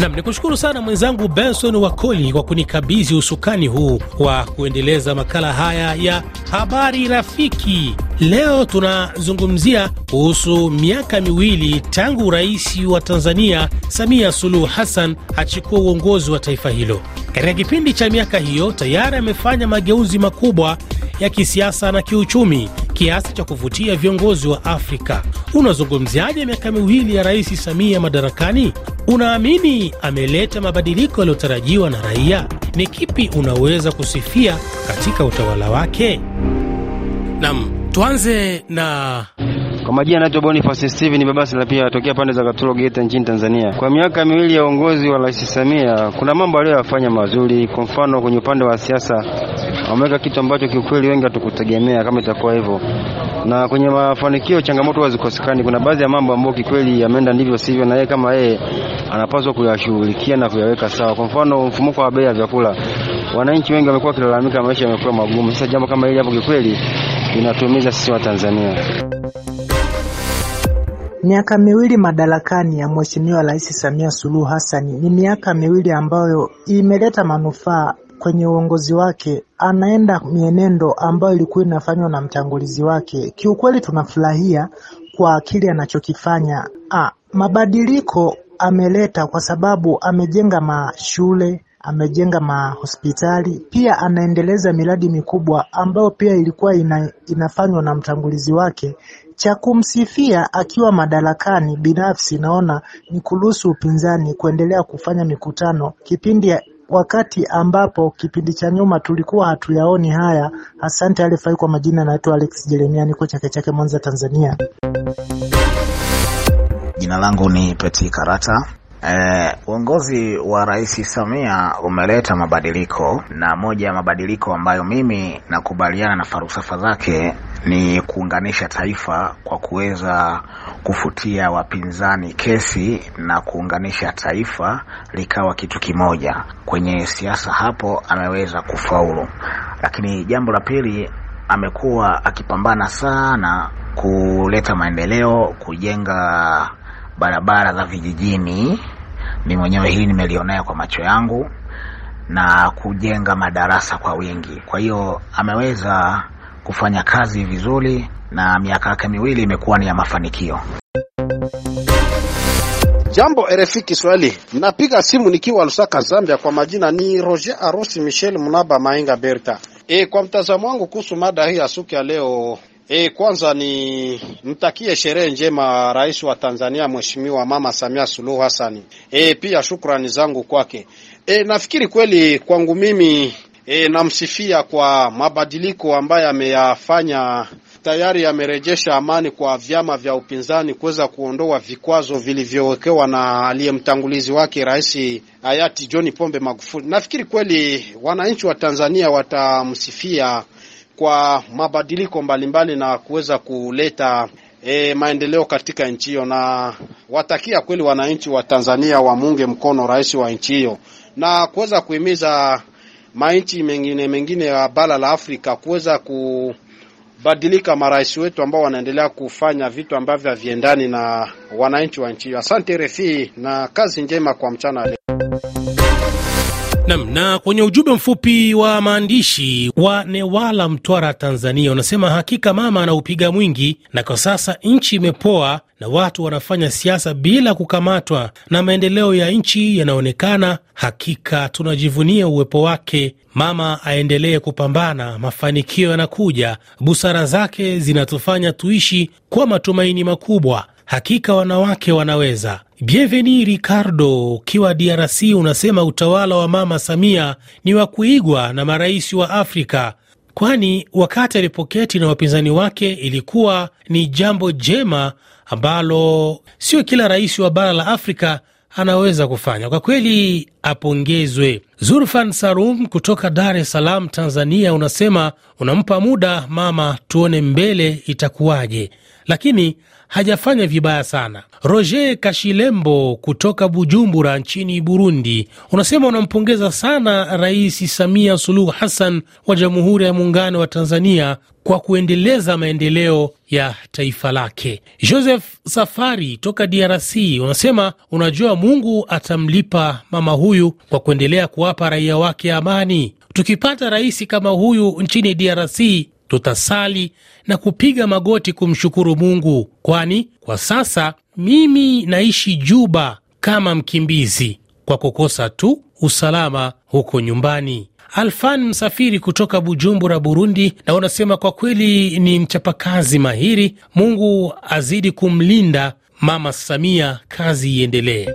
Nam ni kushukuru sana mwenzangu Benson Wakoli kwa kunikabidhi usukani huu wa kuendeleza makala haya ya habari rafiki. Leo tunazungumzia kuhusu miaka miwili tangu rais wa Tanzania Samia Suluhu Hassan achukua uongozi wa taifa hilo. Katika kipindi cha miaka hiyo tayari amefanya mageuzi makubwa ya kisiasa na kiuchumi kiasi cha kuvutia viongozi wa Afrika. Unazungumziaje miaka miwili ya Rais Samia madarakani? Unaamini ameleta mabadiliko yaliyotarajiwa na raia? Ni kipi unaweza kusifia katika utawala wake? Nam, tuanze na kwa majina anaitwa Boniface Steven Babasi na pia anatokea pande za Katoro Geita nchini Tanzania. Kwa miaka miwili ya uongozi wa Rais Samia kuna mambo aliyoyafanya mazuri. Kwa mfano kwenye upande wa siasa wameweka kitu ambacho kiukweli wengi hatukutegemea kama itakuwa hivyo. Na kwenye mafanikio changamoto hazikosekani. Kuna baadhi ya mambo ambayo kikweli yameenda ndivyo sivyo, na yeye kama yeye anapaswa kuyashughulikia na kuyaweka sawa. Kwa mfano, mfumuko wa bei ya vyakula, wananchi wengi wamekuwa wakilalamika maisha yamekuwa magumu. Sasa jambo kama hili hapo kikweli inatumiza sisi wa Tanzania. Miaka miwili madarakani ya Mheshimiwa Rais Samia Suluhu Hassan ni miaka miwili ambayo imeleta manufaa Kwenye uongozi wake anaenda mienendo ambayo ilikuwa inafanywa na mtangulizi wake. Kiukweli tunafurahia kwa kile anachokifanya. Ah, mabadiliko ameleta kwa sababu amejenga mashule, amejenga mahospitali, pia anaendeleza miradi mikubwa ambayo pia ilikuwa ina, inafanywa na mtangulizi wake. Cha kumsifia akiwa madarakani, binafsi naona ni kuruhusu upinzani kuendelea kufanya mikutano kipindi wakati ambapo kipindi cha nyuma tulikuwa hatuyaoni haya. Asante. alifai kwa majina, naitwa Alex Jeremia, niko Chake Chake, Mwanza, Tanzania. Jina langu ni Peti Karata. Eh, uongozi wa Rais Samia umeleta mabadiliko na moja ya mabadiliko ambayo mimi nakubaliana na falsafa zake ni kuunganisha taifa kwa kuweza kufutia wapinzani kesi na kuunganisha taifa likawa kitu kimoja. Kwenye siasa hapo ameweza kufaulu, lakini jambo la pili, amekuwa akipambana sana kuleta maendeleo, kujenga barabara za vijijini. Ni mwenyewe hili nimelionea kwa macho yangu na kujenga madarasa kwa wingi. Kwa hiyo ameweza kufanya kazi vizuri na miaka yake miwili imekuwa ni ya mafanikio. Jambo RFI Kiswahili, napiga simu nikiwa Lusaka, Zambia. Kwa majina ni Roger Arosi Michel Munaba Mainga Berta. E, kwa mtazamo wangu kuhusu mada hii asuki ya leo e, kwanza ni mtakie sherehe njema rais wa Tanzania Mheshimiwa Mama Samia Suluhu Hassan. E, pia shukrani zangu kwake. E, nafikiri kweli kwangu mimi E, namsifia kwa mabadiliko ambayo ameyafanya. Tayari amerejesha amani kwa vyama vya upinzani kuweza kuondoa vikwazo vilivyowekewa na aliyemtangulizi wake rais hayati John Pombe Magufuli. Nafikiri kweli wananchi wa Tanzania watamsifia kwa mabadiliko mbalimbali na kuweza kuleta e, maendeleo katika nchi hiyo, na watakia kweli wananchi wa Tanzania wamuunge mkono rais wa nchi hiyo na kuweza kuhimiza manchi mengine mengine ya bara la Afrika kuweza kubadilika marais wetu ambao wanaendelea kufanya vitu ambavyo haviendani na wananchi wa nchi. Asante RFI na kazi njema kwa mchana leo. Nam na kwenye ujumbe mfupi wa maandishi wa Newala, Mtwara, Tanzania, unasema hakika mama anaupiga mwingi, na kwa sasa nchi imepoa na watu wanafanya siasa bila kukamatwa, na maendeleo ya nchi yanaonekana. Hakika tunajivunia uwepo wake. Mama aendelee kupambana, mafanikio yanakuja. Busara zake zinatufanya tuishi kwa matumaini makubwa. Hakika wanawake wanaweza. Bienveni Ricardo ukiwa DRC unasema utawala wa Mama Samia ni wa kuigwa na marais wa Afrika, kwani wakati alipoketi na wapinzani wake ilikuwa ni jambo jema ambalo sio kila rais wa bara la Afrika anaweza kufanya. Kwa kweli apongezwe. zurfan Sarum kutoka Dar es Salaam, Tanzania, unasema unampa muda mama, tuone mbele itakuwaje, lakini hajafanya vibaya sana. Roger Kashilembo kutoka Bujumbura nchini Burundi unasema unampongeza sana Rais Samia Suluhu Hassan wa Jamhuri ya Muungano wa Tanzania kwa kuendeleza maendeleo ya taifa lake. Joseph Safari toka DRC unasema unajua Mungu atamlipa mama huyu huyu kwa kuendelea kuwapa raia wake amani. Tukipata rais kama huyu nchini DRC tutasali na kupiga magoti kumshukuru Mungu, kwani kwa sasa mimi naishi Juba kama mkimbizi kwa kukosa tu usalama huko nyumbani. Alfan Msafiri kutoka Bujumbura, Burundi, na unasema kwa kweli ni mchapakazi mahiri. Mungu azidi kumlinda Mama Samia, kazi iendelee.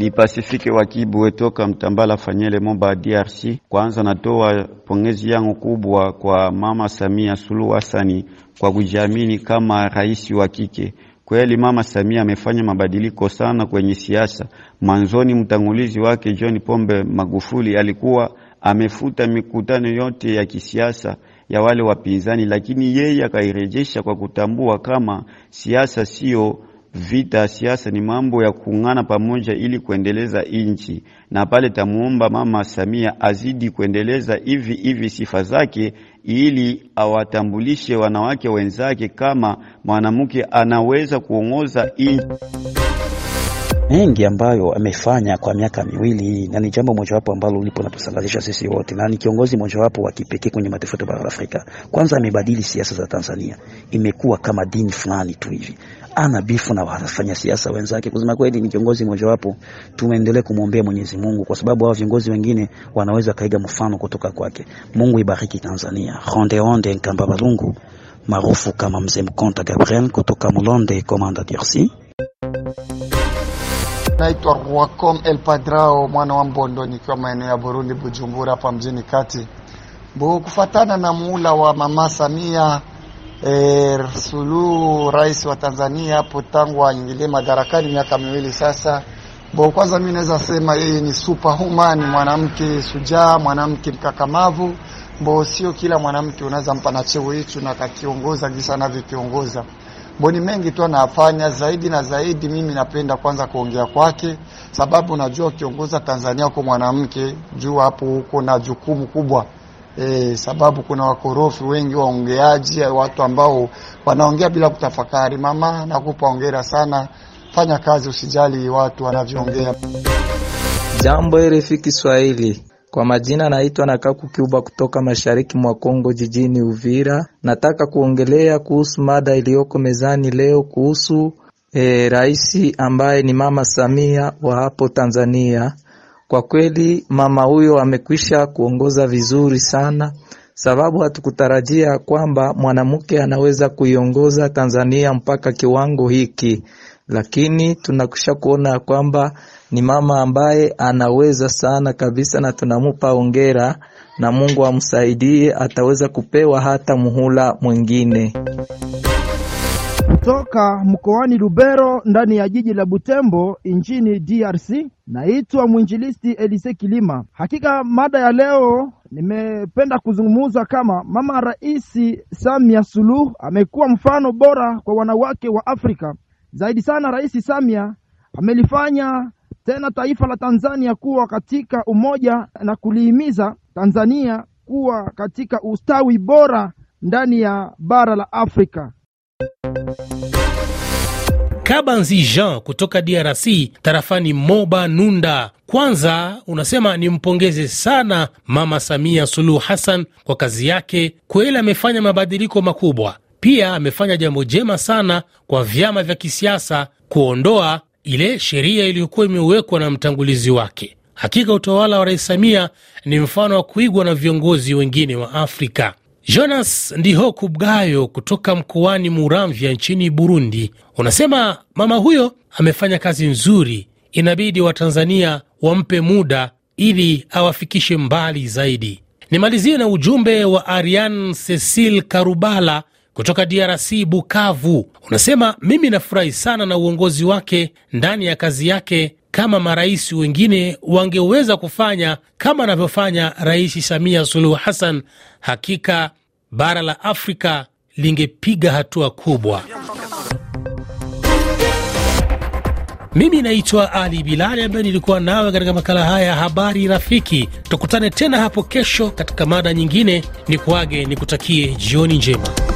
Ni Pasifike wa Kibu wetoka Mtambala Fanyele, Momba, DRC. Kwanza natoa pongezi yangu kubwa kwa Mama Samia Suluhu Hasani kwa kujiamini kama rais wa kike. Kweli Mama Samia amefanya mabadiliko sana kwenye siasa. Mwanzoni mtangulizi wake John Pombe Magufuli alikuwa amefuta mikutano yote ya kisiasa ya wale wapinzani, lakini yeye akairejesha kwa kutambua kama siasa sio Vita ya siasa ni mambo ya kuungana pamoja ili kuendeleza nchi, na pale tamuomba Mama Samia azidi kuendeleza hivi hivi sifa zake, ili awatambulishe wanawake wenzake kama mwanamke anaweza kuongoza nchi mengi ambayo amefanya kwa miaka miwili, na ni jambo mojawapo ambalo lipo natusangazisha sisi wote, na ni kiongozi mojawapo wa kipekee kwenye mataifa ya bara la Afrika. Kwanza amebadili siasa za Tanzania, imekuwa kama dini fulani tu hivi, ana bifu na wanafanya siasa wenzake. Kusema kweli, ni kiongozi mojawapo tumeendelea kumwombea Mwenyezi Mungu, kwa sababu hao viongozi wengine wanaweza kaiga mfano kutoka kwake. Mungu ibariki Tanzania. Honde honde Nkamba Balungu maarufu kama Mzee Mkonta Gabriel kutoka Mulonde, Komanda DRC. Naitwa Rwakom El Padrao mwana wa Mbondo, nikiwa maeneo ya Burundi, Bujumbura hapa mjini kati bu kufatana na muula wa mama Samia e, Suluhu rais wa Tanzania hapo tangu aingilie madarakani miaka miwili sasa. Bo, kwanza mi naweza sema yeye ni superhuman, mwanamke sujaa, mwanamke mkakamavu. Bo, sio kila mwanamke unaweza mpa na cheo hicho na kakiongoza gisa anavyokiongoza mboni mengi tu anafanya zaidi na zaidi. Mimi napenda kwanza kuongea kwake, sababu najua ukiongoza Tanzania uko mwanamke juu hapo, huko na jukumu kubwa e, sababu kuna wakorofi wengi waongeaji, watu ambao wanaongea bila kutafakari. Mama, nakupa hongera sana, fanya kazi, usijali watu wanavyoongea. Jambo RFI Kiswahili. Kwa majina naitwa na Kaku Kiuba kutoka mashariki mwa Kongo jijini Uvira. Nataka kuongelea kuhusu mada iliyoko mezani leo kuhusu e, rais ambaye ni Mama Samia wa hapo Tanzania. Kwa kweli mama huyo amekwisha kuongoza vizuri sana, sababu hatukutarajia kwamba mwanamke anaweza kuiongoza Tanzania mpaka kiwango hiki lakini tunakusha kuona kwamba ni mama ambaye anaweza sana kabisa, na tunamupa ongera na Mungu amsaidie, ataweza kupewa hata muhula mwingine. Toka mkoani Lubero ndani ya jiji la Butembo nchini DRC, naitwa mwinjilisti Elise Kilima. Hakika mada ya leo nimependa kuzungumza kama mama raisi Samia Suluhu amekuwa mfano bora kwa wanawake wa Afrika. Zaidi sana Rais Samia amelifanya tena taifa la Tanzania kuwa katika umoja na kulihimiza Tanzania kuwa katika ustawi bora ndani ya bara la Afrika. Kabanzi Jean kutoka DRC tarafani Moba Nunda. Kwanza unasema nimpongeze sana Mama Samia Suluhu Hassan kwa kazi yake, kweli amefanya mabadiliko makubwa pia amefanya jambo jema sana kwa vyama vya kisiasa kuondoa ile sheria iliyokuwa imewekwa na mtangulizi wake. Hakika utawala wa Rais Samia ni mfano wa kuigwa na viongozi wengine wa Afrika. Jonas Ndihokubwayo kutoka mkoani Muramvya nchini Burundi unasema mama huyo amefanya kazi nzuri, inabidi Watanzania wampe muda ili awafikishe mbali zaidi. Nimalizie na ujumbe wa Arian Cecil Karubala kutoka DRC Bukavu, unasema mimi nafurahi sana na uongozi wake ndani ya kazi yake kama marais wengine wangeweza kufanya kama anavyofanya Rais Samia Suluhu Hassan, hakika bara la Afrika lingepiga hatua kubwa. Mimi naitwa Ali Bilali ambaye nilikuwa nawe katika makala haya ya habari rafiki. Tukutane tena hapo kesho katika mada nyingine. Ni kuage nikutakie jioni njema.